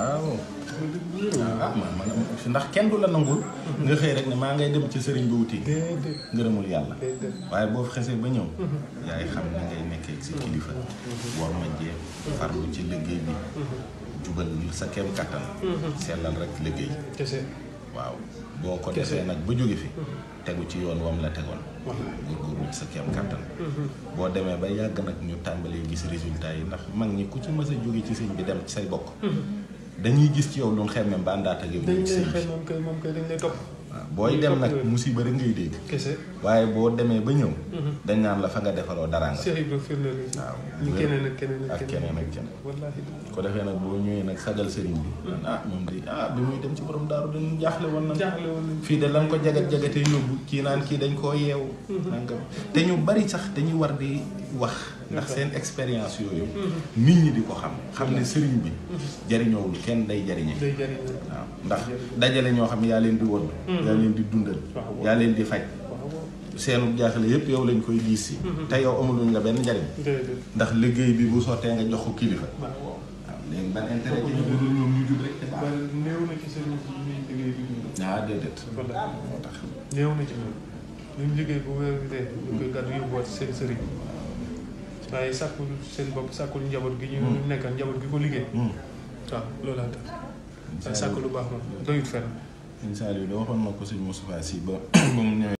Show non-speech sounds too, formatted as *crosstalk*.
waaw waaw ah, man ndax kenn du la nangul nga xëy rek ne maa ngay dem ci sëriñ bi wuti ngërëmul yàlla waaye boo xesee ba ñëw mhm. yaay xam ni ngay nekkee ci kilifa mhm. war ma jeex farlu ci liggéey bi mhm. jubal sa kem kattan sellal rek liggéey waaw boo ko defee nag ba jóge fi tegu ci yoon wam la tegoon góorgóorlu ci sa kem kàttan boo demee ba yàgg nag ñu tàmbalee gis résultat yi ndax mag ñi ku ci mës a jóge ci sëñ bi dem ci say bokk dañuy gis ci yow lu xel même ba àndaat ak yow. dañ lay xel moom booy dem nag musiba rek ngay dégg. kese waaye boo demee ba ñëw. Mhm. dañ naan la fa nga defaroo dara nga. Cheikh Ibra firnde ñu keneen ak keneen ak keneen ak keneen. wallaahi ko defee nag boo ñëwee nag sagal sëriñ bi. Mhm. ah ñoom de ah bi muy dem ci borom daaru dañu jaaxle woon nañ. jaaxle woon nañ fii de lan ko jagat jagatee yóbbu kii naan kii dañ koo yeewu. Mhm. nangam te ñu bari sax dañuy war di wax. ndax seen expérience yooyu. nit ñi di ko xam. xam ne sëriñ bi. jariñoowul kenn day jariñe. day jariñe waaw ndax dajale ñoo xam yaa leen di woon. yaa leen di dundal yaa leen di faj seenu jaaxle yépp yow lañ koy diis si mm-hmm. te yow amuluñ la benn njariñ ndax liggéey bi bu sottee nga jox ko kilifa waaw léegi ban intérêt ci ñu ñoom ñu jub rek te baax néew na ci seen liggéey bi ah déedéet moo tax néew na ci ñoom ñu liggéey bu wér bi ñu koy gàddu yóbbuwaat waaye sàkkul seen bopp sàkkul njaboot gi ñu hmm. nekkal njaboot gi ko liggéey hmm. hmm. sàkk lu baax moom doyut fenn incha allah waxoon na ko sëñ Moustapha Sy ba *coughs* ba mu ñëwee